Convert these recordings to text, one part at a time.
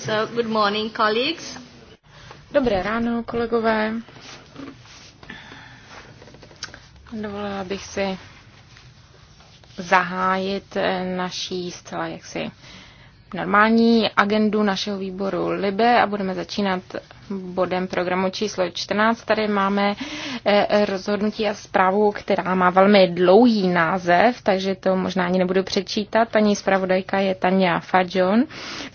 So, good morning, colleagues. Dobré ráno, kolegové. Dovolila bych si zahájit eh, naší zcela jaksi normální agendu našeho výboru LIBE a budeme začínat bodem programu číslo 14. Tady máme eh, rozhodnutí a zprávu, která má velmi dlouhý název, takže to možná ani nebudu přečítat. Paní zpravodajka je Tania Fajon.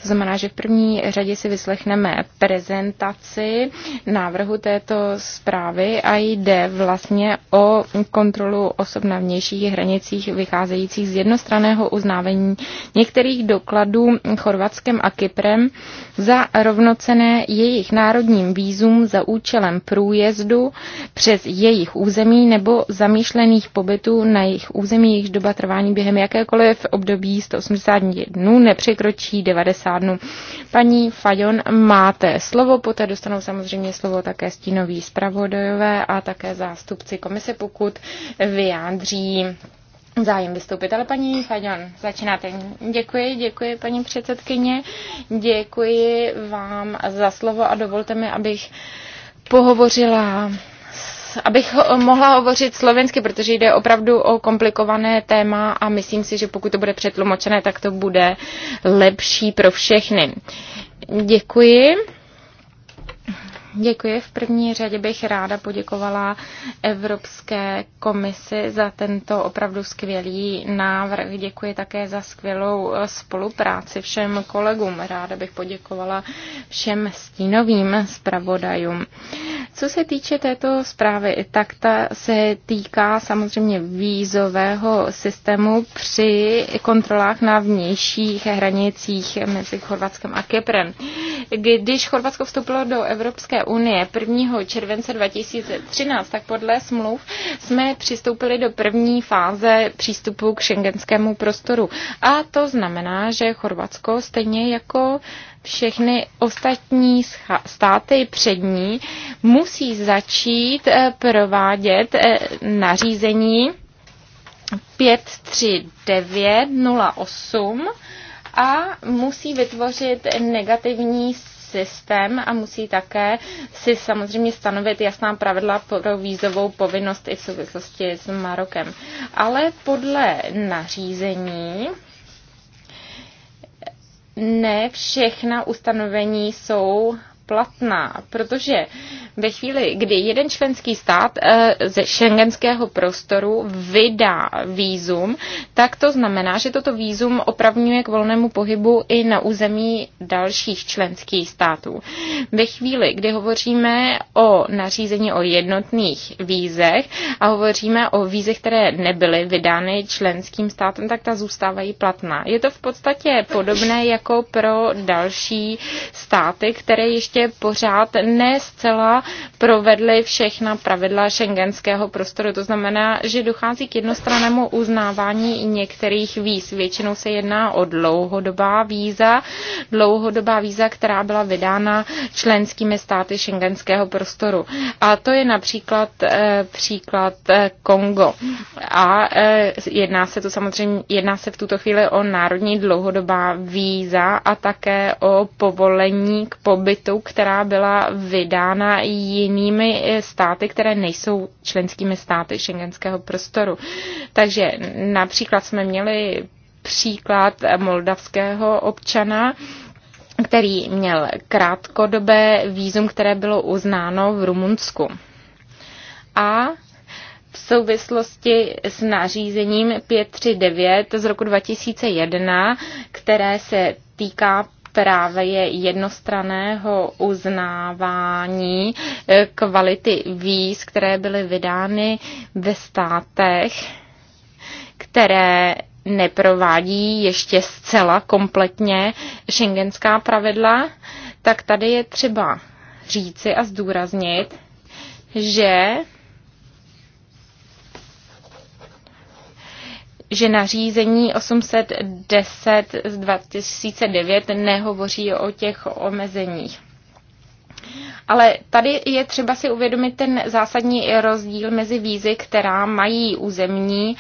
To znamená, že v první řadě si vyslechneme prezentaci návrhu této zprávy a jde vlastně o kontrolu osob na vnějších hranicích vycházejících z jednostraného uznávání některých dokladů Chorvatskem a Kyprem za rovnocené jejich národní obchodním vízum za účelem průjezdu přes jejich území nebo zamýšlených pobytů na jejich území, jejichž doba trvání během jakékoliv období 180 dnů nepřekročí 90 dnů. Paní Fajon, máte slovo, poté dostanou samozřejmě slovo také stínoví zpravodajové a také zástupci komise, pokud vyjádří zájem vystoupit. Ale paní Fajon, začínáte. Děkuji, děkuji paní předsedkyně, děkuji vám za slovo a dovolte mi, abych pohovořila abych mohla hovořit slovensky, protože jde opravdu o komplikované téma a myslím si, že pokud to bude přetlumočené, tak to bude lepší pro všechny. Děkuji. Děkuji. V první řadě bych ráda poděkovala Evropské komisi za tento opravdu skvělý návrh. Děkuji také za skvělou eh, spolupráci všem kolegům. Ráda bych poděkovala všem stínovým zpravodajům. Co se týče této zprávy, tak ta se týká samozřejmě vízového systému při kontrolách na vnějších hranicích mezi Chorvatskem a Kyprem. Když Chorvatsko vstoupilo do Evropské unie 1. července 2013, tak podle smluv jsme přistoupili do první fáze přístupu k šengenskému prostoru. A to znamená, že Chorvatsko stejně jako všechny ostatní státy přední musí začít eh, provádět eh, nařízení 53908 a musí vytvořit negativní systém a musí také si samozřejmě stanovit jasná pravidla pro vízovou povinnost i v souvislosti s Marokem. Ale podle nařízení ne všechna ustanovení jsou platná, protože ve chvíli, kdy jeden členský stát eh, ze šengenského prostoru vydá výzum, tak to znamená, že toto výzum opravňuje k volnému pohybu i na území dalších členských států. Ve chvíli, kdy hovoříme o nařízení o jednotných vízech a hovoříme o vízech, které nebyly vydány členským státem, tak ta zůstávají platná. Je to v podstatě podobné jako pro další státy, které ještě ještě prostě pořád ne zcela provedly všechna pravidla šengenského prostoru. To znamená, že dochází k jednostrannému uznávání některých víz. Většinou se jedná o dlouhodobá víza, dlouhodobá víza, která byla vydána členskými státy šengenského prostoru. A to je například eh, příklad eh, Kongo. A eh, jedná se to samozřejmě, jedná se v tuto chvíli o národní dlouhodobá víza a také o povolení k pobytu která byla vydána jinými eh, státy, které nejsou členskými státy šengenského prostoru. Takže například jsme měli příklad moldavského občana, který měl krátkodobé výzum, které bylo uznáno v Rumunsku. A v souvislosti s nařízením 539 z roku 2001, které se týká právě jednostraného uznávání eh, kvality víz, které byly vydány ve státech, které neprovádí ještě zcela kompletně šengenská pravidla, tak tady je třeba říci a zdůraznit, že že nařízení 810 z 2009 nehovoří o těch omezeních. Ale tady je třeba si uvědomit ten zásadní rozdíl mezi vízy, která mají územní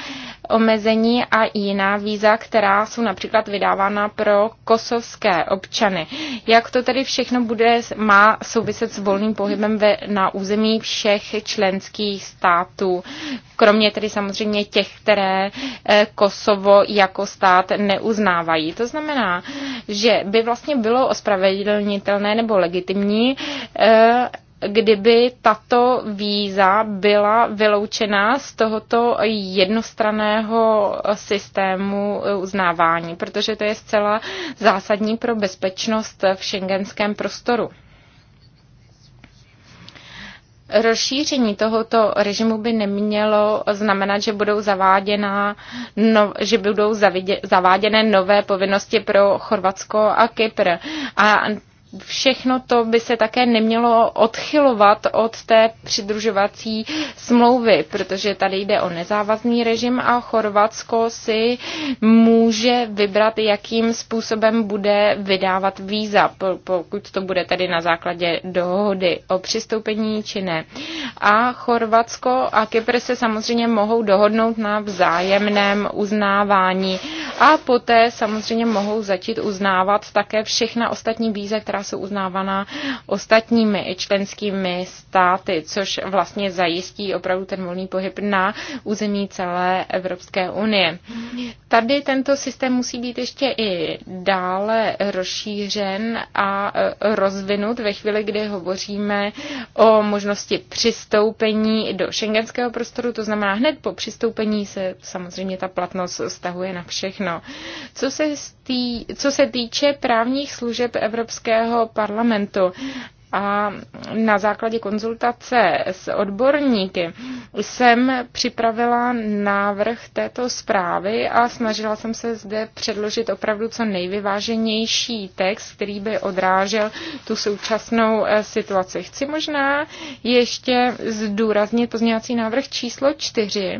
omezení a jiná víza, která jsou například vydávána pro kosovské občany. Jak to tedy všechno bude, má souviset s volným pohybem ve, na území všech členských států, kromě tedy samozřejmě těch, které eh, Kosovo jako stát neuznávají. To znamená, že by vlastně bylo ospravedlnitelné nebo legitimní eh, kdyby tato víza byla vyloučena z tohoto jednostraného systému uznávání, protože to je zcela zásadní pro bezpečnost v šengenském prostoru. Rozšíření tohoto režimu by nemělo znamenat, že budou, zaváděna, no, že budou zavidě, zaváděné nové povinnosti pro Chorvatsko a Kypr. A všechno to by se také nemělo odchylovat od té přidružovací smlouvy, protože tady jde o nezávazný režim a Chorvatsko si může vybrat, jakým způsobem bude vydávat víza, pokud to bude tedy na základě dohody o přistoupení či ne. A Chorvatsko a Kypr se samozřejmě mohou dohodnout na vzájemném uznávání a poté samozřejmě mohou začít uznávat také všechna ostatní víza, která jsou uznávána ostatními členskými státy, což vlastně zajistí opravdu ten volný pohyb na území celé Evropské unie. Tady tento systém musí být ještě i dále rozšířen a e, rozvinut ve chvíli, kdy hovoříme o možnosti přistoupení do šengenského prostoru, to znamená hned po přistoupení se samozřejmě ta platnost stahuje na všechny všechno. Co se, stý, co se týče právních služeb Evropského parlamentu, a na základě konzultace s odborníky jsem připravila návrh této zprávy a snažila jsem se zde předložit opravdu co nejvyváženější text, který by odrážel tu současnou eh, situaci. Chci možná ještě zdůraznit pozměňovací návrh číslo čtyři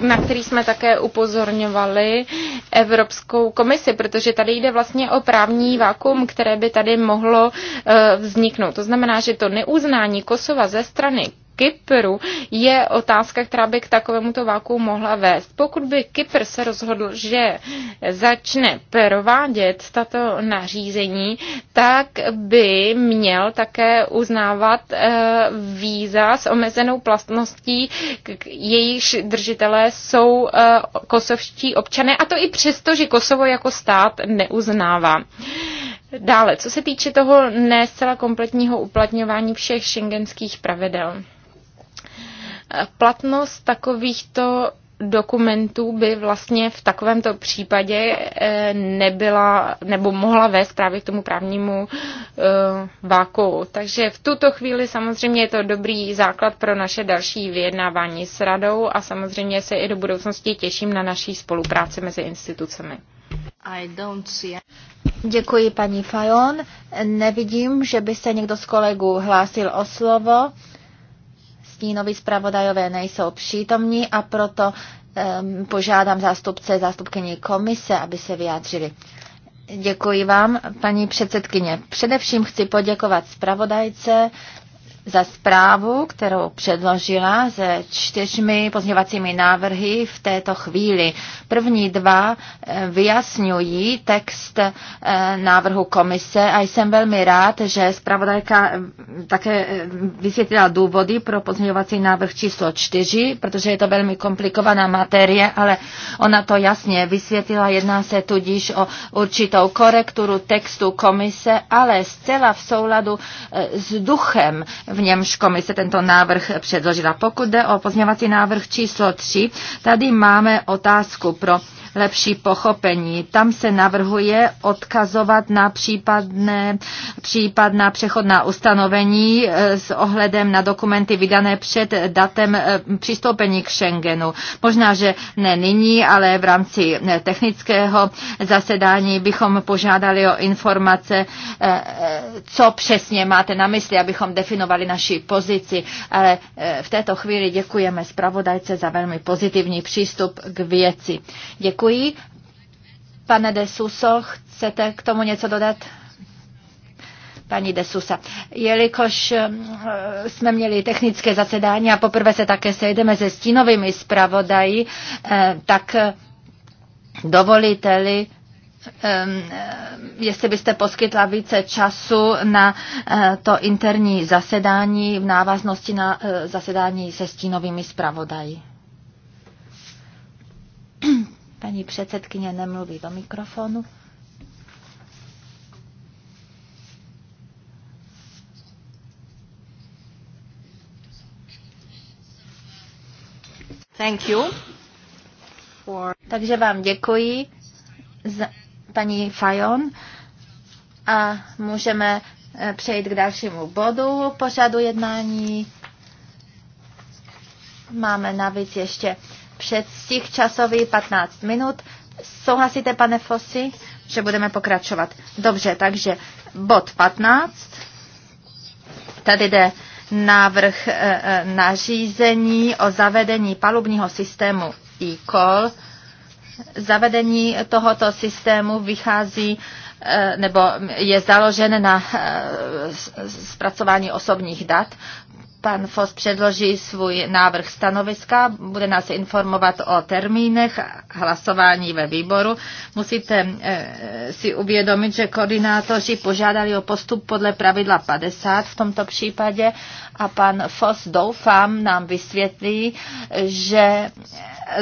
na který jsme také upozorňovali Evropskou komisi, protože tady jde vlastně o právní vákum, které by tady mohlo eh, vzniknout. To znamená, že to neuznání Kosova ze strany Kypru je otázka, která by k takovémuto váku mohla vést. Pokud by Kypr se rozhodl, že začne provádět tato nařízení, tak by měl také uznávat eh, víza s omezenou platností, jejichž držitelé jsou eh, kosovští občané, a to i přesto, že Kosovo jako stát neuznává. Dále, co se týče toho ne zcela kompletního uplatňování všech šengenských pravidel. Platnost takovýchto dokumentů by vlastně v takovémto případě eh, nebyla nebo mohla vést právě k tomu právnímu eh, váku. Takže v tuto chvíli samozřejmě je to dobrý základ pro naše další vyjednávání s radou a samozřejmě se i do budoucnosti těším na naší spolupráci mezi institucemi. I don't see... Děkuji paní Fajon. Nevidím, že by se někdo z kolegů hlásil o slovo stínoví zpravodajové nejsou přítomní a proto um, požádám zástupce, zástupkyní komise, aby se vyjádřili. Děkuji vám, paní předsedkyně. Především chci poděkovat zpravodajce za zprávu, kterou předložila se čtyřmi pozměvacími návrhy v této chvíli. První dva eh, vyjasňují text eh, návrhu komise a jsem velmi rád, že zpravodajka eh, také vysvětlila důvody pro pozměňovací návrh číslo čtyři, protože je to velmi komplikovaná materie, ale ona to jasně vysvětlila. Jedná se tudíž o určitou korekturu textu komise, ale zcela v souladu s duchem v němž komise tento návrh předložila. Pokud jde o pozměňovací návrh číslo 3, tady máme otázku pro lepší pochopení. Tam se navrhuje odkazovat na případné, případná přechodná ustanovení e, s ohledem na dokumenty vydané před datem e, přistoupení k Schengenu. Možná, že ne nyní, ale v rámci e, technického zasedání bychom požádali o informace, co přesně máte na mysli, abychom definovali naši pozici. Ale v této chvíli děkujeme zpravodajce za velmi pozitivní přístup k věci. Děkuji Děkuji. Pane de Suso, chcete k tomu něco dodat? paní Susa, Jelikož eh, jsme měli technické zasedání a poprvé se také sejdeme se stínovými zpravodají, eh, tak eh, dovolíte-li, ehm, jestli byste poskytla více času na to interní zasedání v návaznosti na zasedání se stínovými zpravodají. Paní předsedkyně nemluví do mikrofonu. Thank you for... Takže vám děkuji, za, paní Fajon, a můžeme eh, přejít k dalšímu bodu pořadu jednání. Máme navíc ještě před těch časový 15 minut. Souhlasíte, pane Fosy, že budeme pokračovat? Dobře, takže bod 15. Tady jde návrh eh, eh, nařízení o zavedení palubního systému e-call. Zavedení tohoto systému vychází eh, nebo je založen na zpracování osobních dat. Pan Fos předloží svůj návrh stanoviska, bude nás informovat o termínech hlasování ve výboru. Musíte eh, si uvědomit, že koordinátoři požádali o postup podle pravidla 50 v tomto případě a pan Fos doufám nám vysvětlí, že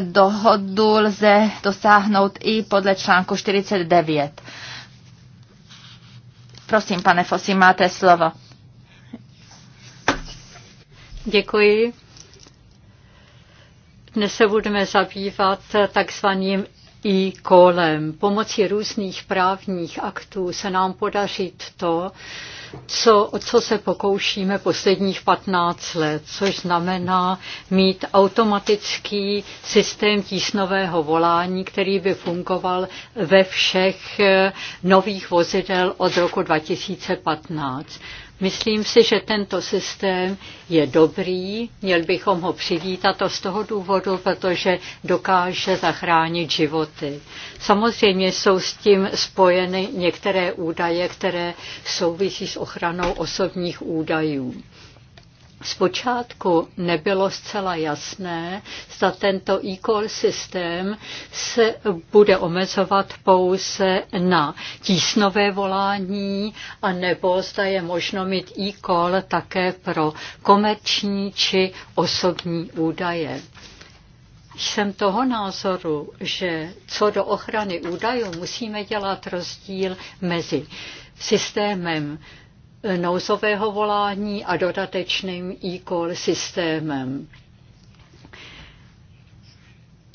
dohodu lze dosáhnout i podle článku 49. Prosím, pane Fosi, máte slovo. Děkuji. Dnes se budeme zabývat takzvaným i kolem. Pomocí různých právních aktů se nám podaří to, co, o co se pokoušíme posledních 15 let, což znamená mít automatický systém tísnového volání, který by fungoval ve všech nových vozidel od roku 2015. Myslím si, že tento systém je dobrý, měl bychom ho přivítat a z toho důvodu, protože dokáže zachránit životy. Samozřejmě jsou s tím spojeny některé údaje, které souvisí s ochranou osobních údajů. Zpočátku nebylo zcela jasné, zda tento e-call systém se bude omezovat pouze na tísnové volání, anebo zda je možno mít e-call také pro komerční či osobní údaje. Jsem toho názoru, že co do ochrany údajů musíme dělat rozdíl mezi systémem nouzového volání a dodatečným e-call systémem.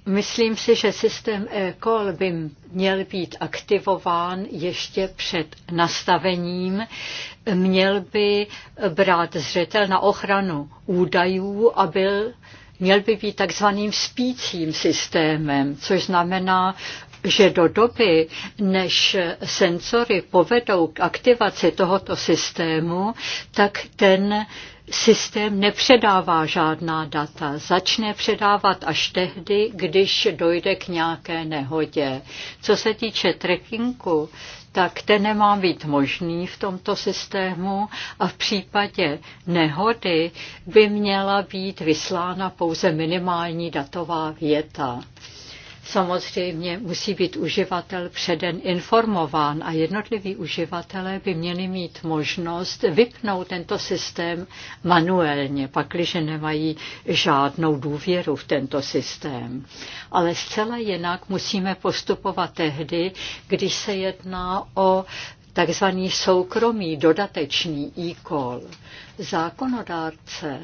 Myslím si, že systém e-call by měl být aktivován ještě před nastavením. Měl by brát zřetel na ochranu údajů a byl měl by být takzvaným spícím systémem, což znamená, že do doby, než senzory povedou k aktivaci tohoto systému, tak ten systém nepředává žádná data. Začne předávat až tehdy, když dojde k nějaké nehodě. Co se týče trekkingu, tak ten nemá být možný v tomto systému a v případě nehody by měla být vyslána pouze minimální datová věta. Samozřejmě musí být uživatel předen informován a jednotliví uživatelé by měli mít možnost vypnout tento systém manuálně, pakliže nemají žádnou důvěru v tento systém. Ale zcela jinak musíme postupovat tehdy, když se jedná o takzvaný soukromý dodatečný e-call. Zákonodárce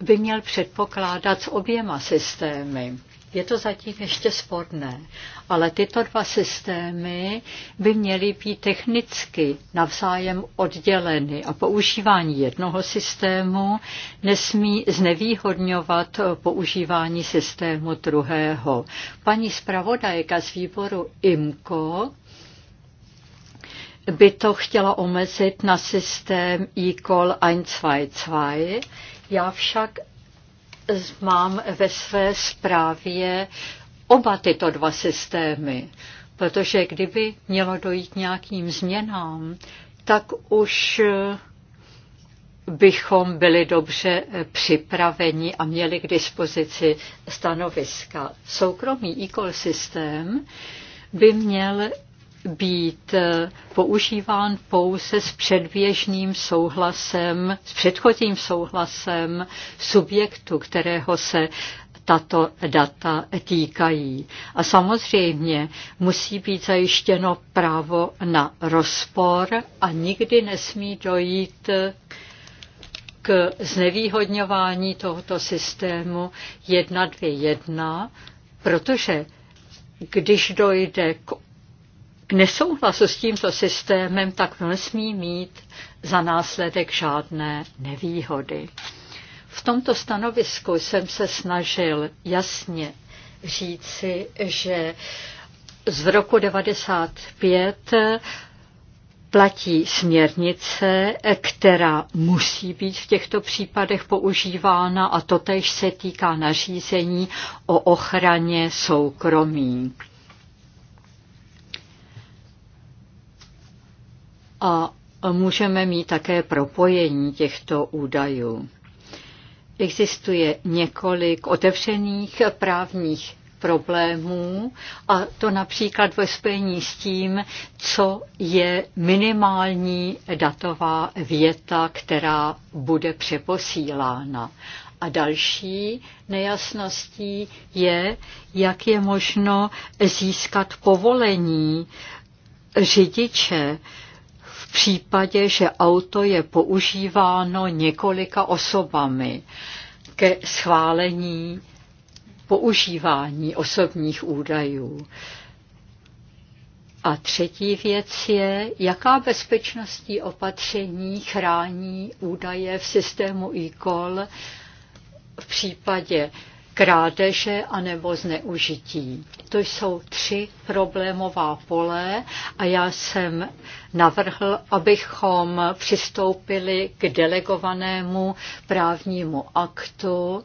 by měl předpokládat s oběma systémy. Je to zatím ještě sporné, ale tyto dva systémy by měly být technicky navzájem odděleny a používání jednoho systému nesmí znevýhodňovat používání systému druhého. Paní zpravodajka z výboru IMCO by to chtěla omezit na systém e-call 122, já však mám ve své zprávě oba tyto dva systémy, protože kdyby mělo dojít nějakým změnám, tak už eh, bychom byli dobře eh, připraveni a měli k dispozici stanoviska. Soukromý e systém by měl být eh, používán pouze s předběžným souhlasem, s předchozím souhlasem subjektu, kterého se tato data týkají. A samozřejmě musí být zajištěno právo na rozpor a nikdy nesmí dojít k znevýhodňování tohoto systému 121, protože když dojde k k nesouhlasu s tímto systémem, tak nesmí mít za následek žádné nevýhody. V tomto stanovisku jsem se snažil jasně říci, že z roku 95 platí směrnice, která musí být v těchto případech používána a totež se týká nařízení o ochraně soukromí. a můžeme mít také propojení těchto údajů. Existuje několik otevřených právních problémů a to například ve spojení s tím, co je minimální datová věta, která bude přeposílána. A další nejasností je, jak je možno získat povolení řidiče v případě, že auto je používáno několika osobami ke schválení používání osobních údajů. A třetí věc je, jaká bezpečnostní opatření chrání údaje v systému e v případě krádeže anebo zneužití. To jsou tři problémová pole a já jsem navrhl, abychom přistoupili k delegovanému právnímu aktu,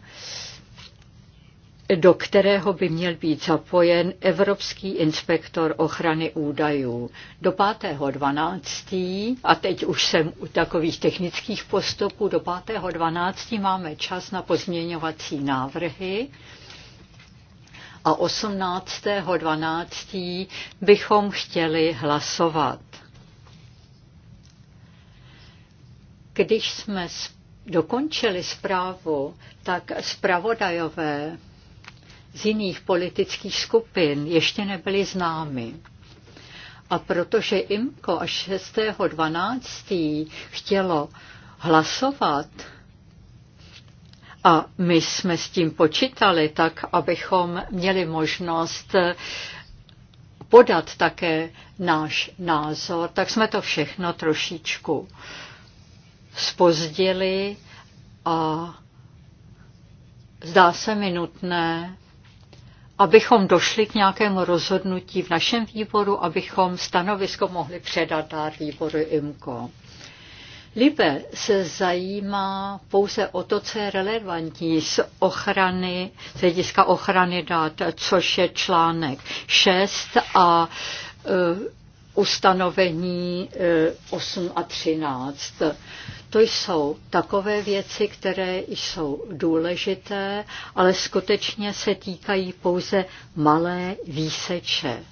do kterého by měl být zapojen Evropský inspektor ochrany údajů. Do 5.12. a teď už jsem u takových technických postupů, do 5.12. máme čas na pozměňovací návrhy a 18.12. bychom chtěli hlasovat. Když jsme dokončili zprávu, tak zpravodajové z jiných politických skupin ještě nebyly známy. A protože IMKO až 6.12. chtělo hlasovat, a my jsme s tím počítali tak, abychom měli možnost podat také náš názor, tak jsme to všechno trošičku spozdili a zdá se mi nutné abychom došli k nějakému rozhodnutí v našem výboru, abychom stanovisko mohli předat dát výboru IMCO. Libe se zajímá pouze o to, co je relevantní z ochrany, z hlediska ochrany dat, což je článek 6 a uh, ustanovení uh, e, 8 a 13. To jsou takové věci, které jsou důležité, ale skutečně se týkají pouze malé výseče.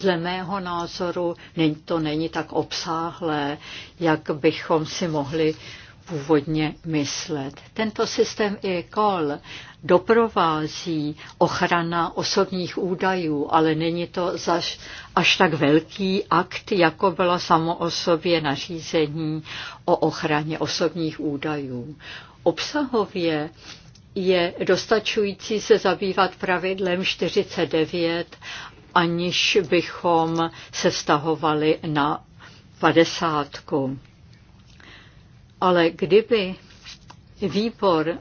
Dle mého názoru to není tak obsáhlé, jak bychom si mohli původně myslet. Tento systém e-call doprovází ochrana osobních údajů, ale není to zaž, až tak velký akt, jako bylo samo o sobě nařízení o ochraně osobních údajů. Obsahově je dostačující se zabývat pravidlem 49, aniž bychom se vztahovali na 50. Ale kdyby výbor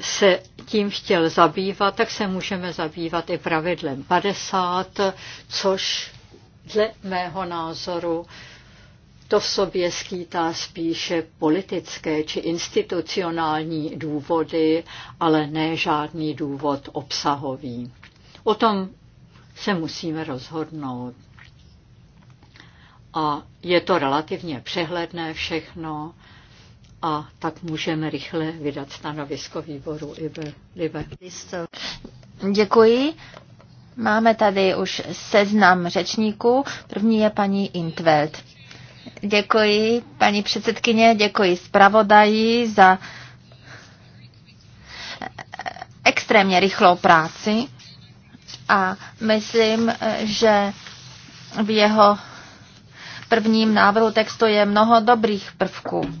se tím chtěl zabývat, tak se můžeme zabývat i pravidlem 50, což dle mého názoru to v sobě skýtá spíše politické či institucionální důvody, ale ne žádný důvod obsahový. O tom se musíme rozhodnout a je to relativně přehledné všechno a tak můžeme rychle vydat stanovisko výboru IBE. Děkuji. Máme tady už seznam řečníků. První je paní Intveld. Děkuji, paní předsedkyně, děkuji zpravodaji za extrémně rychlou práci a myslím, že v jeho prvním návrhu textu je mnoho dobrých prvků.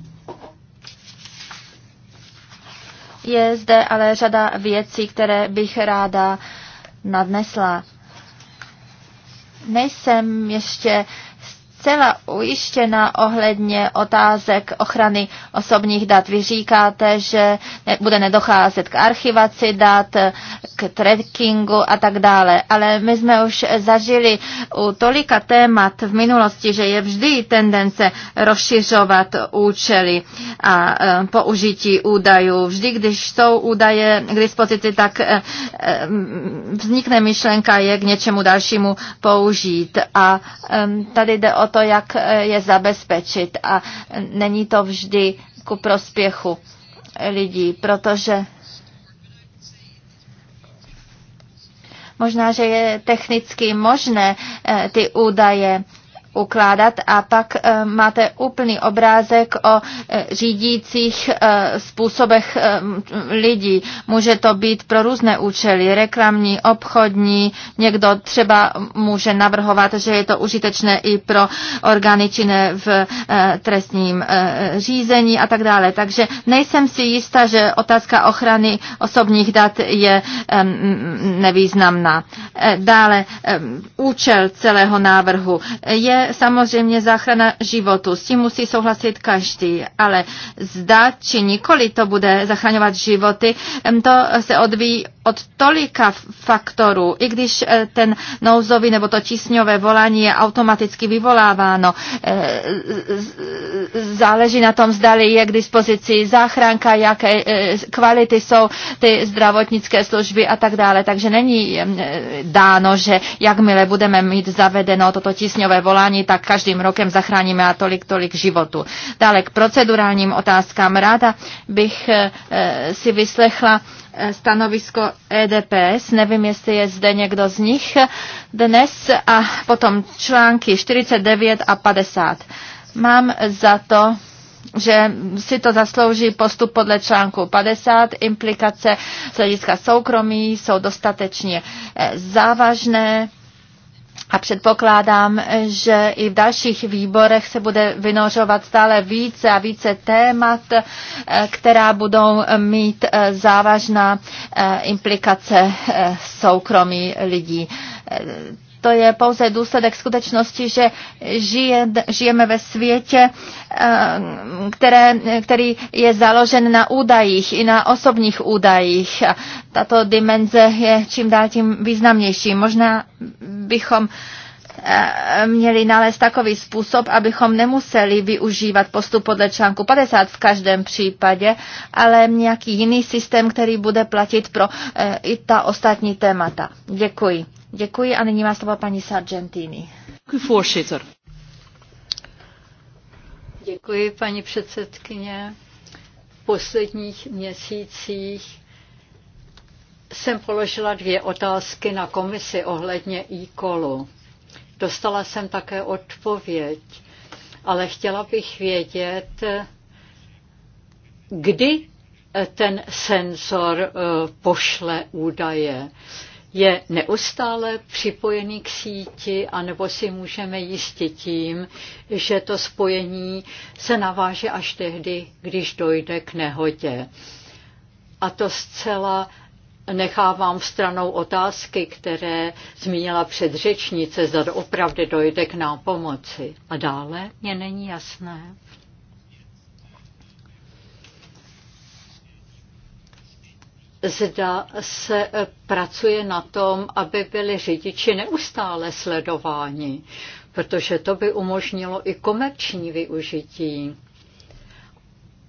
Je zde ale řada věcí, které bych ráda nadnesla. Nejsem ještě zcela ujištěna ohledně otázek ochrany osobních dat. Vy říkáte, že bude nedocházet k archivaci dat, k trackingu a tak dále, ale my jsme už zažili u tolika témat v minulosti, že je vždy tendence rozšiřovat účely a e, použití údajů. Vždy, když jsou údaje k dispozici, tak e, e, vznikne myšlenka je k něčemu dalšímu použít. A tady jde o to, jak eh, je zabezpečit a není to vždy ku prospěchu lidí, protože možná, že je technicky možné eh, ty údaje ukládat a pak eh, máte úplný obrázek o eh, řídících eh, způsobech lidí. Může to být pro různé účely, reklamní, obchodní, někdo třeba může navrhovat, že je to užitečné i pro orgány činné v trestním řízení a tak dále. Takže nejsem si jistá, že otázka ochrany osobních dat je nevýznamná. Dále účel celého návrhu je samozřejmě záchrana životu. S tím musí souhlasit každý, ale zda či nikoli to bude zachraňovat životy, to se odvíjí od tolika faktorů, i když eh, ten nouzový nebo to tísňové volání je automaticky vyvoláváno. Eh, záleží na tom, zdali je k dispozici záchranka, jaké eh, kvality jsou ty zdravotnické služby a tak dále. Takže není dáno, že jakmile budeme mít zavedeno toto tísňové volání, vzdělávání, tak každým rokem zachráníme a tolik, tolik životů. Dále k procedurálním otázkám. Ráda bych eh, si vyslechla eh, stanovisko EDPS, nevím, jestli je zde někdo z nich dnes, a potom články 49 a 50. Mám za to, že si to zaslouží postup podle článku 50. Implikace z hlediska soukromí jsou dostatečně eh, závažné a předpokládám, že i v dalších výborech se bude vynořovat stále více a více témat, eh, která budou mít eh, závažná eh, implikace soukromí lidí to je pouze důsledek skutečnosti, že žije, žijeme ve světě, eh, které, který je založen na údajích i na osobních údajích. Tato dimenze je čím dál tím významnější. Možná bychom eh, měli nalézt takový způsob, abychom nemuseli využívat postup podle článku 50 v každém případě, ale nějaký jiný systém, který bude platit pro eh, i ta ostatní témata. Děkuji. Děkuji a nyní má slovo paní Sargentini. Děkuji, paní předsedkyně. V posledních měsících jsem položila dvě otázky na komisi ohledně e-kolu. Dostala jsem také odpověď, ale chtěla bych vědět, kdy ten senzor eh, pošle údaje je neustále připojený k síti, anebo si můžeme jistit tím, že to spojení se naváže až tehdy, když dojde k nehodě. A to zcela nechávám stranou otázky, které zmínila předřečnice, zda opravdu dojde k pomoci. A dále mě není jasné, zda se eh, pracuje na tom, aby byli řidiči neustále sledováni, protože to by umožnilo i komerční využití.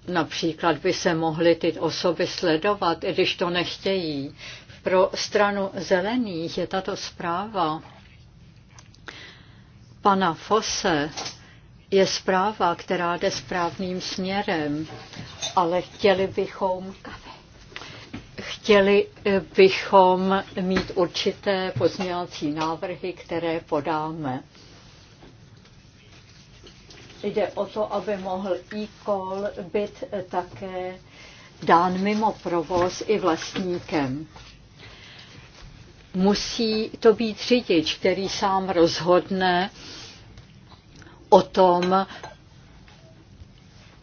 Například by se mohly ty osoby sledovat, i když to nechtějí. Pro stranu zelených je tato zpráva pana Fose je zpráva, která jde správným směrem, ale chtěli bychom chtěli eh, bychom mít určité pozměňovací návrhy, které podáme. Jde o to, aby mohl e-call být také dán mimo provoz i vlastníkem. Musí to být řidič, který sám rozhodne o tom,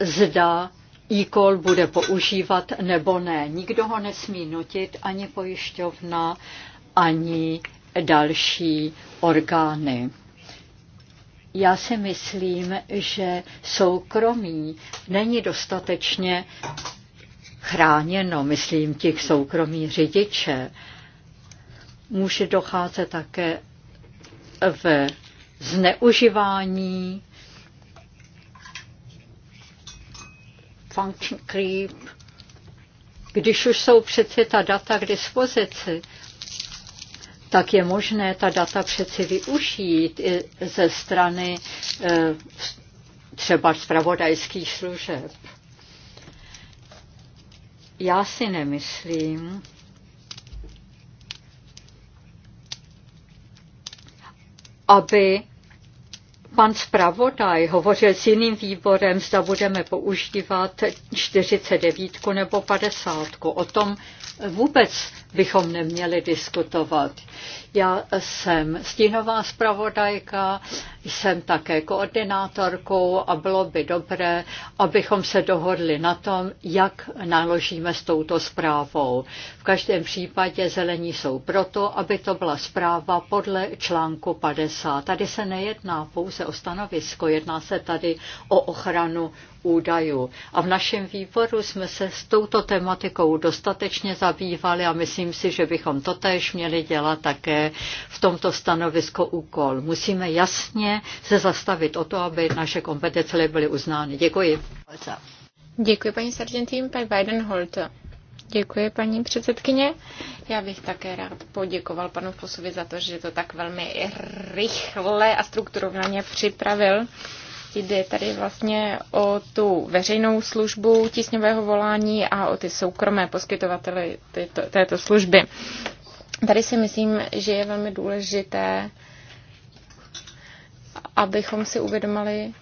zda e-call bude používat nebo ne. Nikdo ho nesmí nutit, ani pojišťovna, ani další orgány. Já si myslím, že soukromí není dostatečně chráněno, myslím, těch soukromí řidiče. Může docházet také v zneužívání function creep, když už jsou přece ta data k dispozici, tak je možné ta data přeci využít i ze strany eh, třeba zpravodajských služeb. Já si nemyslím, aby Pan zpravodaj hovořil s jiným výborem, zda budeme používat 49 nebo 50. O tom vůbec bychom neměli diskutovat. Já jsem stínová zpravodajka, jsem také koordinátorkou a bylo by dobré, abychom se dohodli na tom, jak naložíme s touto zprávou. V každém případě zelení jsou proto, aby to byla zpráva podle článku 50. Tady se nejedná pouze o stanovisko, jedná se tady o ochranu údajů. A v našem výboru jsme se s touto tematikou dostatečně zabývali a myslím si, že bychom to též měli dělat také v tomto stanovisku úkol. Musíme jasně se zastavit o to, aby naše kompetence byly uznány. Děkuji. Děkuji paní Sargentin, pan Weidenholter. Děkuji, paní předsedkyně. Já bych také rád poděkoval panu Fosovi za to, že to tak velmi rychle a strukturovaně připravil. Jde tady vlastně o tu veřejnou službu tisňového volání a o ty soukromé poskytovatele tyto, této služby. Tady si myslím, že je velmi důležité, abychom si uvědomili,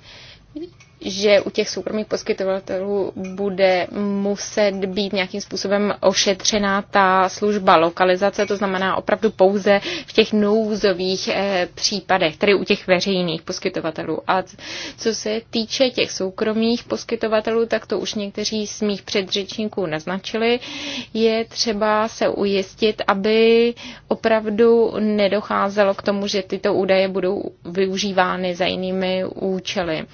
že u těch soukromých poskytovatelů bude muset být nějakým způsobem ošetřená ta služba lokalizace, to znamená opravdu pouze v těch nouzových eh, případech, tedy u těch veřejných poskytovatelů. A co se týče těch soukromých poskytovatelů, tak to už někteří z mých předřečníků naznačili, je třeba se ujistit, aby opravdu nedocházelo k tomu, že tyto údaje budou využívány za jinými účely.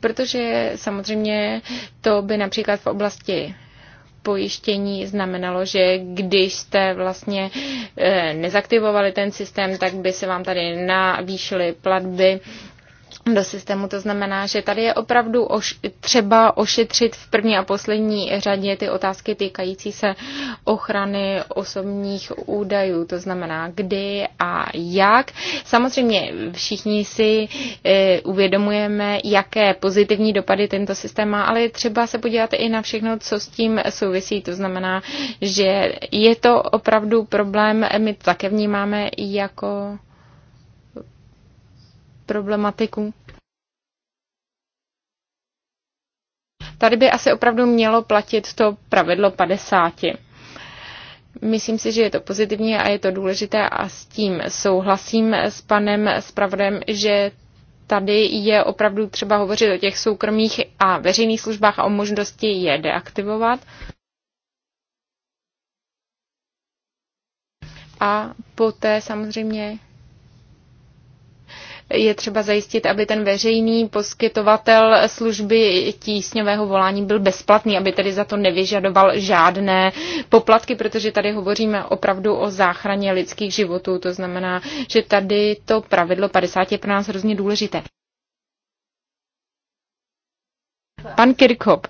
Protože protože samozřejmě to by například v oblasti pojištění znamenalo, že když jste vlastně eh, nezaktivovali ten systém, tak by se vám tady navýšily platby do systému. To znamená, že tady je opravdu oš- třeba ošetřit v první a poslední řadě ty otázky týkající se ochrany osobních údajů. To znamená, kdy a jak. Samozřejmě všichni si e, uvědomujeme, jaké pozitivní dopady tento systém má, ale je třeba se podívat i na všechno, co s tím souvisí. To znamená, že je to opravdu problém, my také vnímáme jako problematiku? Tady by asi opravdu mělo platit to pravidlo 50. Myslím si, že je to pozitivní a je to důležité a s tím souhlasím s panem Spravodem, že tady je opravdu třeba hovořit o těch soukromých a veřejných službách a o možnosti je deaktivovat. A poté samozřejmě je třeba zajistit, aby ten veřejný poskytovatel služby tísňového volání byl bezplatný, aby tedy za to nevyžadoval žádné poplatky, protože tady hovoříme opravdu o záchraně lidských životů. To znamená, že tady to pravidlo 50 je pro nás hrozně důležité. Pan Kirchhoff.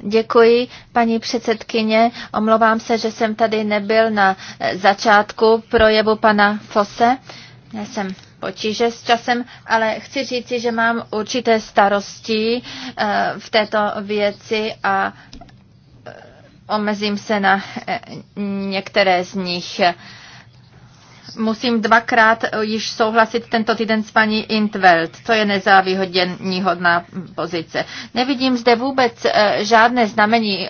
Děkuji, paní předsedkyně. Omlouvám se, že jsem tady nebyl na začátku projevu pana Fose. Já jsem potíže s časem, ale chci říci, že mám určité starosti eh, v této věci a eh, omezím se na eh, některé z nich. Musím dvakrát již souhlasit tento týden s paní Intveld. To je nezávýhodně hodná pozice. Nevidím zde vůbec žádné znamení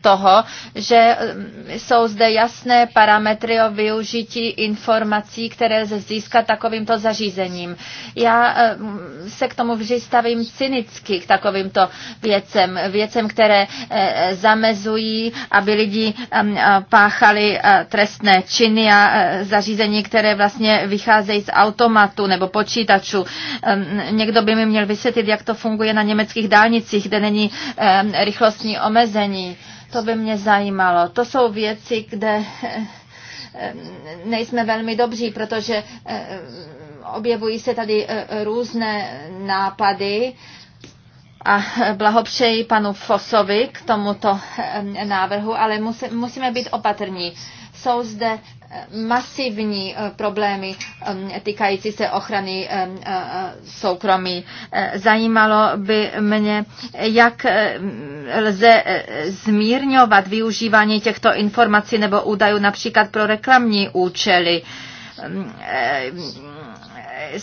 toho, že mm, jsou zde jasné parametry o využití informací, které lze získat takovýmto zařízením. Já mm, se k tomu vždy stavím cynicky k takovýmto věcem, věcem, které eh, zamezují, aby lidi mm, eh, páchali eh, trestné činy a zařízení, které vlastně vycházejí z automatu nebo počítačů. Ehm, někdo by mi měl vysvětlit, jak to funguje na německých dálnicích, kde není ehm, rychlostní omezení. To by mě zajímalo. To jsou věci, kde eh, eh, nejsme velmi dobří, protože eh, objevují se tady různé nápady a blahopřeji panu Fosovi k tomuto návrhu, ale musíme být opatrní. Jsou zde masivní eh, problémy ehm, týkající se ochrany ehm, eh, soukromí. Eh, zajímalo by mě, jak lze zmírňovat využívání těchto informací nebo údajů například pro reklamní účely ehm,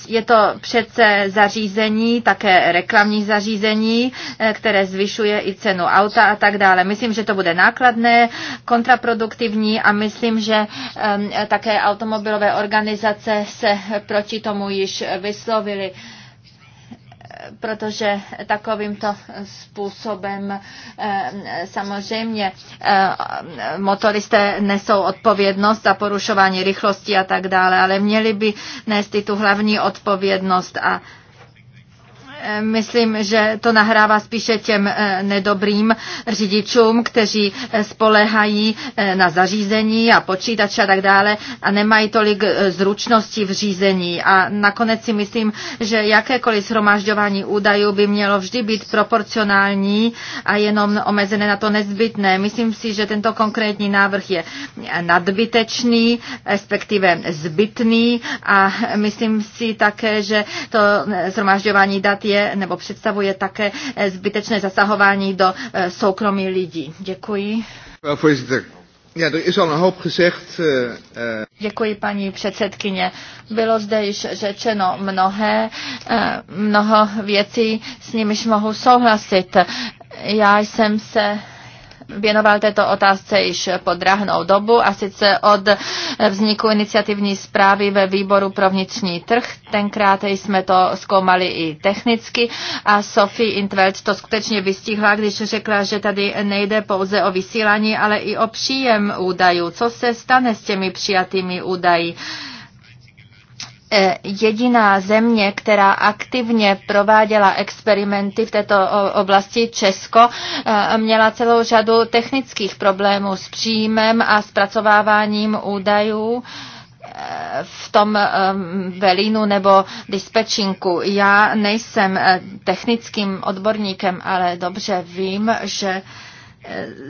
je to přece zařízení, také reklamní zařízení, eh, které zvyšuje i cenu auta a tak dále. Myslím, že to bude nákladné, kontraproduktivní a myslím, že ehm, také automobilové organizace se proti tomu již vyslovily protože takovýmto způsobem eh, samozřejmě eh, motoristé nesou odpovědnost za porušování rychlosti a tak dále, ale měli by nést i tu hlavní odpovědnost a Eh, myslím, že to nahrává spíše těm eh, nedobrým řidičům, kteří eh, spolehají na zařízení a počítače a tak dále a nemají tolik zručnosti v řízení. A nakonec si myslím, že jakékoliv shromažďování údajů by mělo vždy být proporcionální a jenom omezené na to nezbytné. Myslím si, že tento konkrétní návrh je nadbytečný, respektive zbytný a myslím si také, že to zhromažďování dat je je nebo představuje také eh, zbytečné zasahování do eh, soukromí lidí. Děkuji. Ja, er is al een hoop gezegd. Uh, Děkuji, paní předsedkyně. Bylo zde již řečeno mnohé, uh, mnoho věcí, s nimiž mohu souhlasit. Já jsem se věnoval této otázce již podrahnou dobu a sice od vzniku iniciativní zprávy ve výboru pro vnitřní trh. Tenkrát jsme to zkoumali i technicky a Sophie Intveld to skutečně vystihla, když řekla, že tady nejde pouze o vysílání, ale i o příjem údajů. Co se stane s těmi přijatými údaji? Eh, jediná země, která aktivně prováděla experimenty v této oblasti, Česko, eh, měla celou řadu technických problémů s příjmem a zpracováváním údajů eh, v tom velínu nebo dispečinku. Já nejsem technickým odborníkem, ale dobře vím, že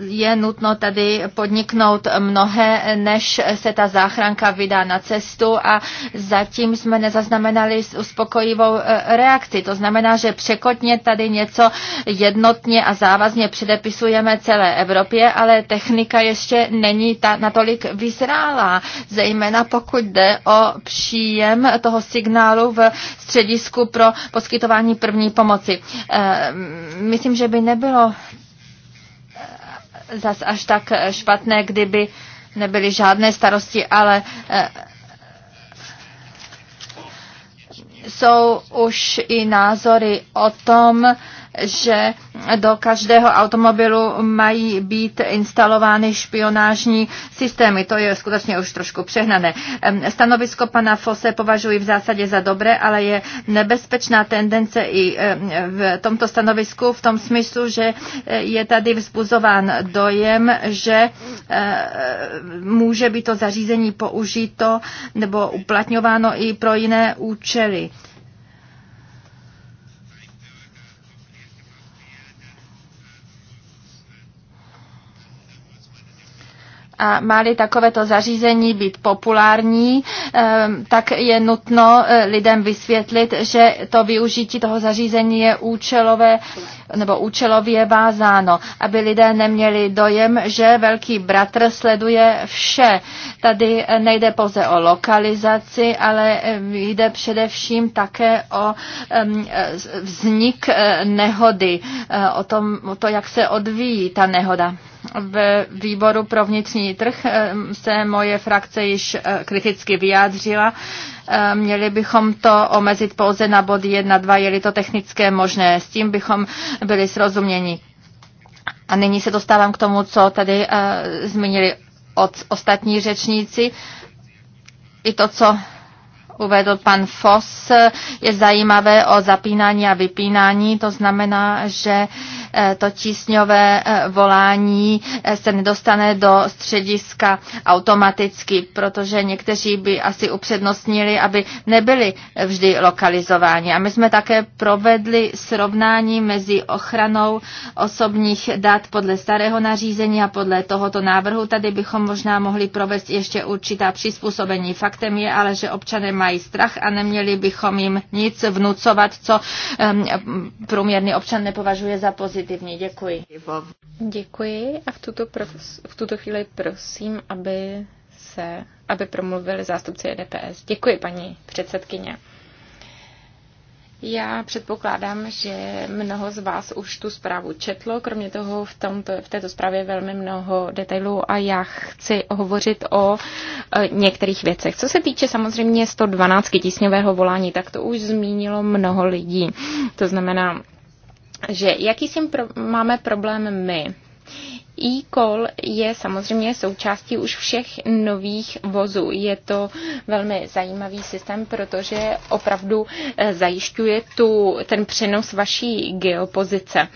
je nutno tady podniknout mnohé, než se ta záchranka vydá na cestu a zatím jsme nezaznamenali uspokojivou e, reakci. To znamená, že překotně tady něco jednotně a závazně předepisujeme celé Evropě, ale technika ještě není ta natolik vyzrálá, zejména pokud jde o příjem toho signálu v středisku pro poskytování první pomoci. E, myslím, že by nebylo zas až tak eh, špatné, kdyby nebyly žádné starosti, ale eh, jsou už i názory o tom, že do každého automobilu mají být instalovány špionážní systémy. To je skutečně už trošku přehnané. Stanovisko pana Fose považuji v zásadě za dobré, ale je nebezpečná tendence i v tomto stanovisku v tom smyslu, že e, je tady vzbuzován dojem, že e, může být to zařízení použito nebo uplatňováno i pro jiné účely. A má-li takovéto zařízení být populární, ehm, tak je nutno eh, lidem vysvětlit, že to využití toho zařízení je účelové nebo účelově vázáno, aby lidé neměli dojem, že velký bratr sleduje vše. Tady eh, nejde pouze o lokalizaci, ale eh, jde především také o ehm, vznik nehody, o, tom, o to, jak se odvíjí ta nehoda ve výboru pro vnitřní trh ehm, se moje frakce již eh, kriticky vyjádřila. Ehm, měli bychom to omezit pouze na body 1, 2, je-li to technické možné. S tím bychom byli srozuměni. A nyní se dostávám k tomu, co tady eh, zmínili od ostatní řečníci. I to, co uvedl pan Foss, je zajímavé o zapínání a vypínání. To znamená, že uh, Eh, to tísňové eh, volání eh, se nedostane do střediska automaticky, protože někteří by asi upřednostnili, aby nebyli vždy lokalizováni. A my jsme také provedli srovnání mezi ochranou osobních dat podle starého nařízení a podle tohoto návrhu. Tady bychom možná mohli provést ještě určitá přizpůsobení. Faktem je ale, že občané mají strach a neměli bychom jim nic vnucovat, co um, průměrný občan nepovažuje za pozitivní pozitivně. Děkuji. Děkuji a v tuto, pros- v tuto chvíli prosím, aby se, aby promluvili zástupci EDPS. Děkuji, paní předsedkyně. Já předpokládám, že mnoho z vás už tu zprávu četlo, kromě toho v, tomto, v této zprávě velmi mnoho detailů a já chci hovořit o e, některých věcech. Co se týče samozřejmě 112 tísňového volání, tak to už zmínilo mnoho lidí. To znamená, že jaký s tím pro- máme problém my? E-call je samozřejmě součástí už všech nových vozů. Je to velmi zajímavý systém, protože opravdu eh, zajišťuje tu, ten přenos vaší geopozice.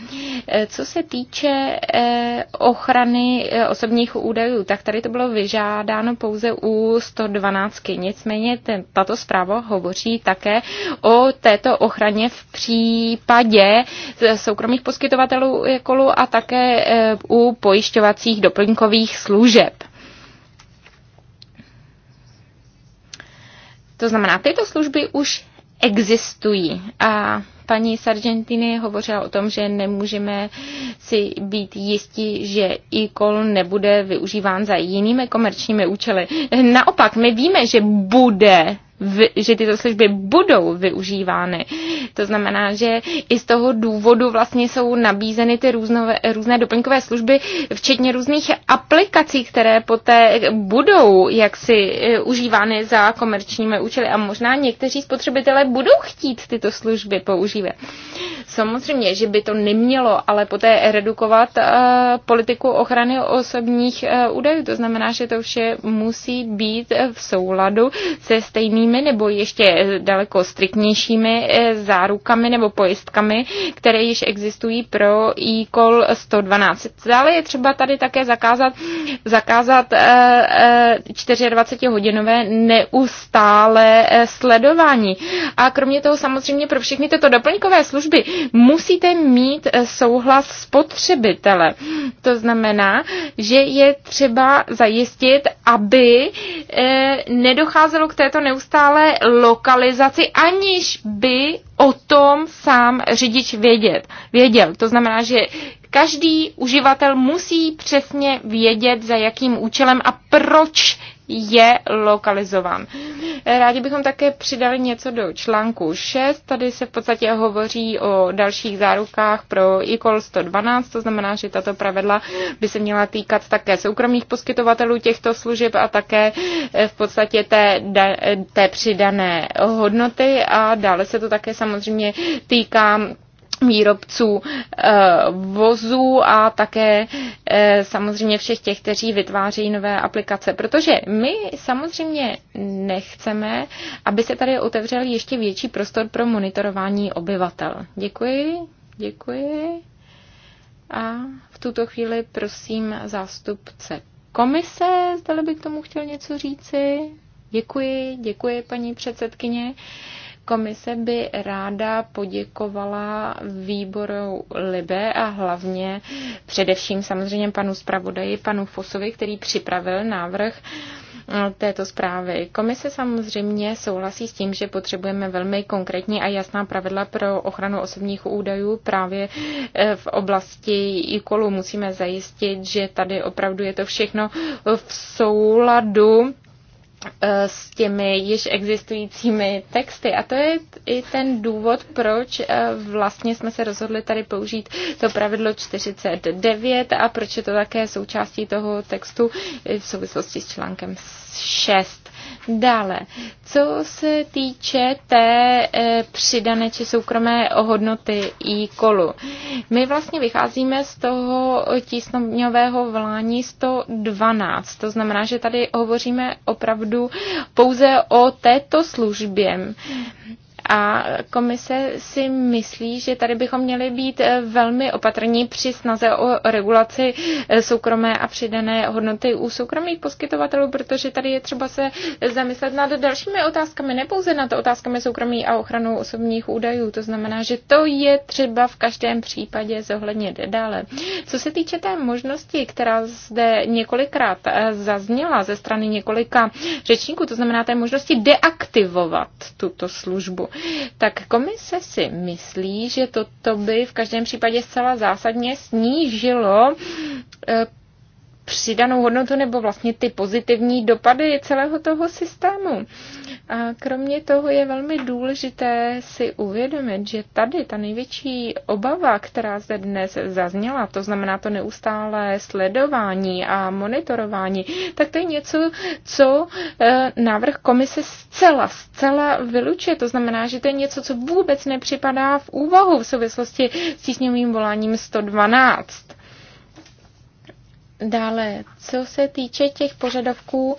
Eh, co se týče eh, ochrany osobních údajů, tak tady to bylo vyžádáno pouze u 112. Nicméně ten, tato zpráva hovoří také o této ochraně v případě soukromých poskytovatelů e-callu a také u pojišťovacích doplňkových služeb. To znamená, tyto služby už existují a paní Sargentiny hovořila o tom, že nemůžeme si být jistí, že e-call nebude využíván za jinými komerčními účely. Naopak, my víme, že bude že tyto služby budou využívány. To znamená, že i z toho důvodu vlastně jsou nabízeny ty různové, různé doplňkové služby, včetně různých aplikací, které poté budou jaksi e, užívány za komerčními účely a možná někteří spotřebitelé budou chtít tyto služby používat. Samozřejmě, že by to nemělo ale poté redukovat uh, politiku ochrany osobních uh, údajů. To znamená, že to vše musí být v souladu se stejným striktními nebo ještě eh, daleko striktnějšími eh, zárukami nebo pojistkami, které již existují pro e-call 112. Dále je třeba tady také zakázat, zakázat 24-hodinové eh, neustále sledování. A kromě toho samozřejmě pro všechny tyto doplňkové služby musíte mít souhlas spotřebitele. To znamená, že je třeba zajistit, aby nedocházelo k této neustále neustále lokalizaci, aniž by o tom sám řidič vědět, věděl. To znamená, že každý uživatel musí přesně vědět, za jakým účelem a proč je lokalizován. Rádi bychom také přidali něco do článku 6. Tady se v podstatě hovoří o dalších zárukách pro ICOL 112, to znamená, že tato pravidla by se měla týkat také soukromých poskytovatelů těchto služeb a také eh, v podstatě té, eh, té přidané hodnoty a dále se to také samozřejmě týká výrobců eh, vozů a také eh, samozřejmě všech těch, kteří vytvářejí nové aplikace. Protože my samozřejmě nechceme, aby se tady otevřel ještě větší prostor pro monitorování obyvatel. Děkuji, děkuji. A v tuto chvíli prosím zástupce komise, zda by k tomu chtěl něco říci. Děkuji, děkuji paní předsedkyně. Komise by ráda poděkovala výboru Libe a hlavně především samozřejmě panu zpravodaji, panu Fosovi, který připravil návrh eh, této zprávy. Komise samozřejmě souhlasí s tím, že potřebujeme velmi konkrétní a jasná pravidla pro ochranu osobních údajů právě eh, v oblasti e kolu. Musíme zajistit, že tady opravdu je to všechno v souladu Eh, s těmi již existujícími texty. A to je i ten důvod, proč eh, vlastně jsme se rozhodli tady použít to pravidlo 49 a proč je to také součástí toho textu v souvislosti s článkem 6. Dále, co se týče té e, přidané či soukromé hodnoty e-kolu, my vlastně vycházíme z toho tísnovňového vlání 112. To znamená, že tady hovoříme opravdu pouze o této službě. A komise si myslí, že tady bychom měli být eh, velmi opatrní při snaze o regulaci eh, soukromé a přidané hodnoty u soukromých poskytovatelů, protože tady je třeba se zamyslet nad dalšími otázkami, nepouze nad otázkami soukromí a ochranou osobních údajů. To znamená, že to je třeba v každém případě zohlednit dále. Co se týče té možnosti, která zde několikrát eh, zazněla ze strany několika řečníků, to znamená té možnosti deaktivovat tuto službu tak komise si myslí, že toto by v každém případě zcela zásadně snížilo eh, přidanou hodnotu nebo vlastně ty pozitivní dopady celého toho systému. A kromě toho je velmi důležité si uvědomit, že tady ta největší obava, která zde dnes zazněla, to znamená to neustálé sledování a monitorování, tak to je něco, co e, návrh komise zcela, zcela vylučuje. To znamená, že to je něco, co vůbec nepřipadá v úvahu v souvislosti s tísňovým voláním 112. Dále, co se týče těch požadavků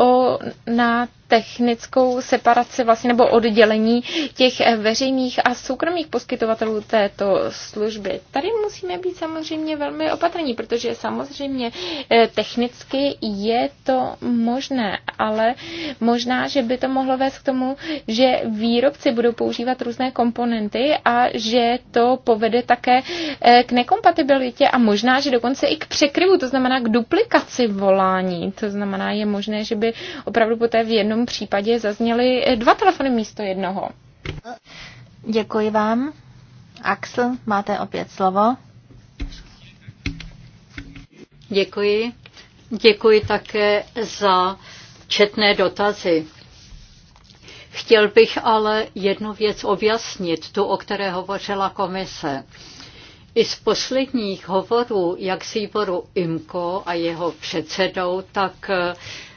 o, na technickou separaci vlastně nebo oddělení těch eh, veřejných a soukromých poskytovatelů této služby. Tady musíme být samozřejmě velmi opatrní, protože samozřejmě eh, technicky je to možné, ale možná, že by to mohlo vést k tomu, že výrobci budou používat různé komponenty a že to povede také eh, k nekompatibilitě a možná, že dokonce i k překryvu, to znamená k duplikaci volání. To znamená, je možné, že by opravdu poté v jednom případě zazněly dva telefony místo jednoho. Děkuji vám. Axel, máte opět slovo. Děkuji. Děkuji také za četné dotazy. Chtěl bych ale jednu věc objasnit, tu, o které hovořila komise. I z posledních hovorů, jak s výboru IMKO a jeho předsedou, tak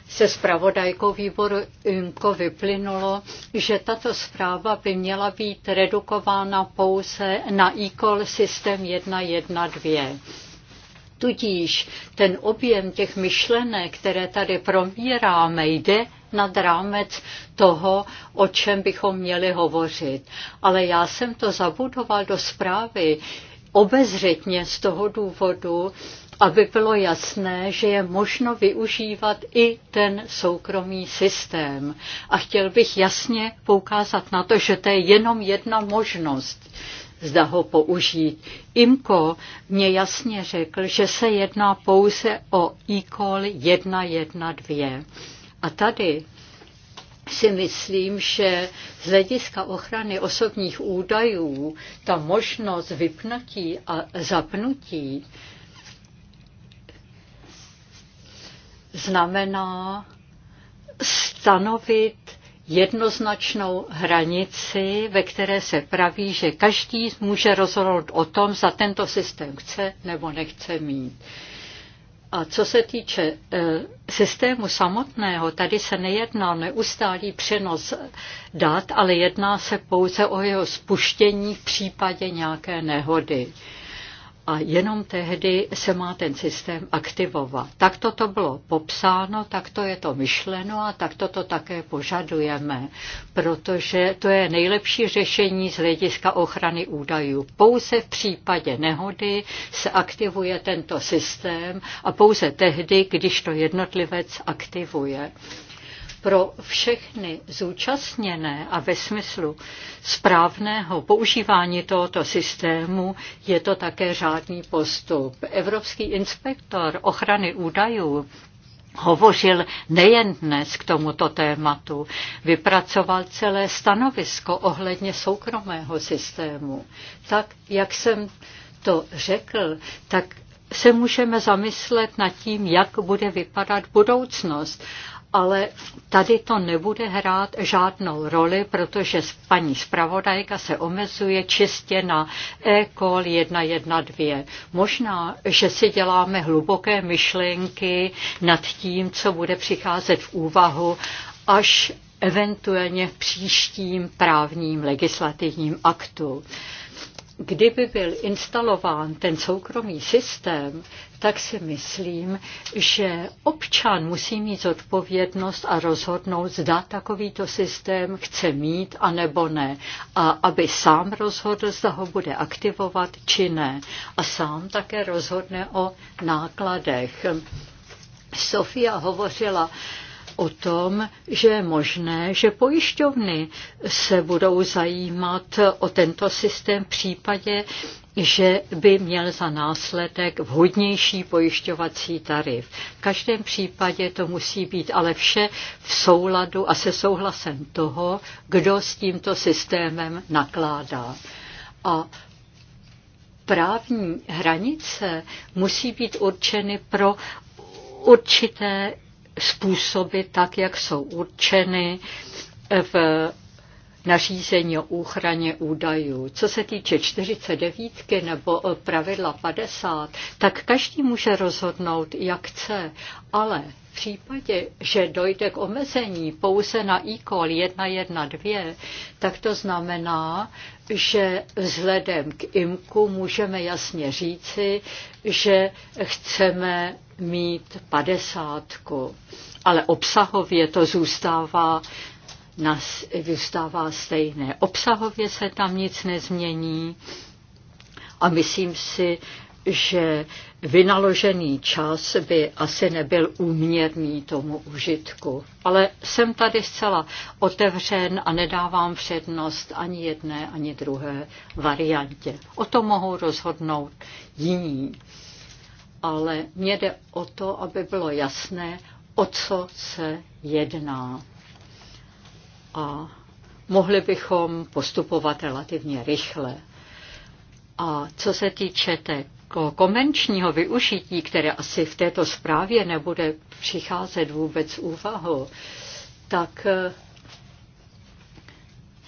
se zpravodajkou výboru IMCO vyplynulo, že tato zpráva by měla být redukována pouze na e-call systém 112. Tudíž ten objem těch myšlenek, které tady promíráme, jde nad rámec toho, o čem bychom měli hovořit. Ale já jsem to zabudoval do zprávy obezřetně z toho důvodu, aby bylo jasné, že je možno využívat i ten soukromý systém. A chtěl bych jasně poukázat na to, že to je jenom jedna možnost zda ho použít. Imko mě jasně řekl, že se jedná pouze o e-call 112. A tady si myslím, že z hlediska ochrany osobních údajů ta možnost vypnutí a zapnutí znamená stanovit jednoznačnou hranici, ve které se praví, že každý může rozhodnout o tom, za tento systém chce nebo nechce mít. A co se týče e, systému samotného, tady se nejedná neustálý přenos dat, ale jedná se pouze o jeho spuštění v případě nějaké nehody. E, a jenom tehdy se má ten systém aktivovat. Tak to bylo popsáno, to je to myšleno a tak to také požadujeme, protože to je nejlepší řešení z hlediska ochrany údajů. Pouze v případě nehody se aktivuje tento systém a pouze tehdy, když to jednotlivec aktivuje pro všechny zúčastněné a ve smyslu správného používání tohoto systému je to také řádný postup. Evropský inspektor ochrany údajů hovořil nejen dnes k tomuto tématu, vypracoval celé stanovisko ohledně soukromého systému. Tak, jak jsem to řekl, tak se můžeme zamyslet nad tím, jak bude vypadat budoucnost ale tady to nebude hrát žádnou roli, protože paní zpravodajka se omezuje čistě na e-call 112. Možná, že si děláme hluboké myšlenky nad tím, co bude přicházet v úvahu, až eventuálně v příštím právním legislativním aktu kdyby byl instalován ten soukromý systém, tak si myslím, že občan musí mít zodpovědnost a rozhodnout, zda takovýto systém chce mít a nebo ne. A aby sám rozhodl, zda ho bude aktivovat či ne. A sám také rozhodne o nákladech. Sofia hovořila o tom, že je možné, že pojišťovny se budou zajímat o tento systém v případě, že by měl za následek vhodnější pojišťovací tarif. V každém případě to musí být ale vše v souladu a se souhlasem toho, kdo s tímto systémem nakládá. A právní hranice musí být určeny pro určité způsoby, tak jak jsou určeny v nařízení o úchraně údajů. Co se týče 49 nebo pravidla 50, tak každý může rozhodnout, jak chce, ale v případě, že dojde k omezení pouze na e-call 112, tak to znamená, že vzhledem k IMKu můžeme jasně říci, že chceme mít padesátku, ale obsahově to zůstává, na, zůstává stejné. Obsahově se tam nic nezmění a myslím si, že vynaložený čas by asi nebyl úměrný tomu užitku. Ale jsem tady zcela otevřen a nedávám přednost ani jedné, ani druhé variantě. O tom mohou rozhodnout jiní ale mně jde o to, aby bylo jasné, o co se jedná. A mohli bychom postupovat relativně rychle. A co se týče té komenčního využití, které asi v této zprávě nebude přicházet vůbec úvahu, tak eh,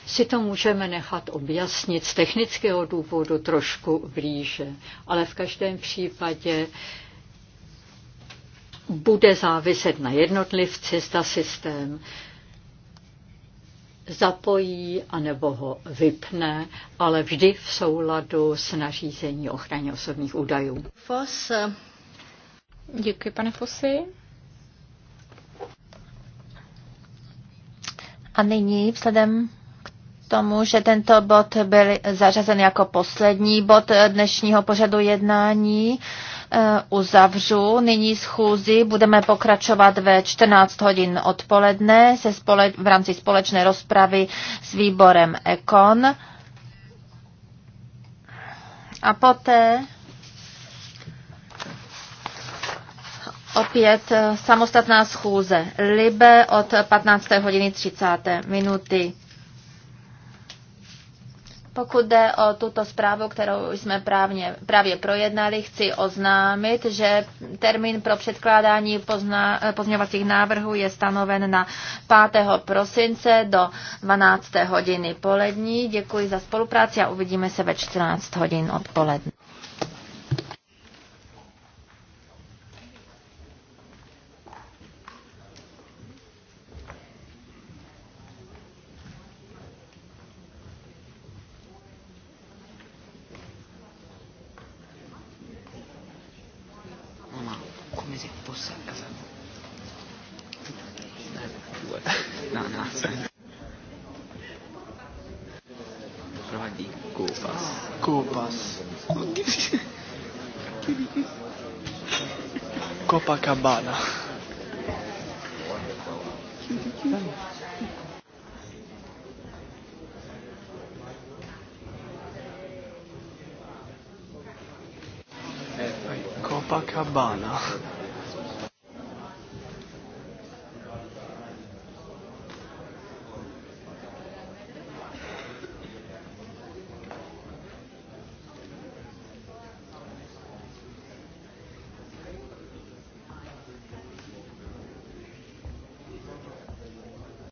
si to můžeme nechat objasnit z technického důvodu trošku blíže, ale v každém případě bude záviset na jednotlivci, zda systém zapojí anebo ho vypne, ale vždy v souladu s nařízení ochraně osobních údajů. Fos. Eh. Děkuji, pane Fosy. A nyní, vzhledem tomu, že tento bod byl zařazen jako poslední bod dnešního pořadu jednání. E, uzavřu nyní schůzi. Budeme pokračovat ve 14 hodin odpoledne se spole- v rámci společné rozpravy s výborem Ekon. A poté opět samostatná schůze Libe od 15. hodiny 30. minuty. Pokud jde o tuto zprávu, kterou jsme právě, právě projednali, chci oznámit, že termín pro předkládání pozna, pozměňovacích návrhů je stanoven na 5. prosince do 12. hodiny polední. Děkuji za spolupráci a uvidíme se ve 14 hodin odpoledne.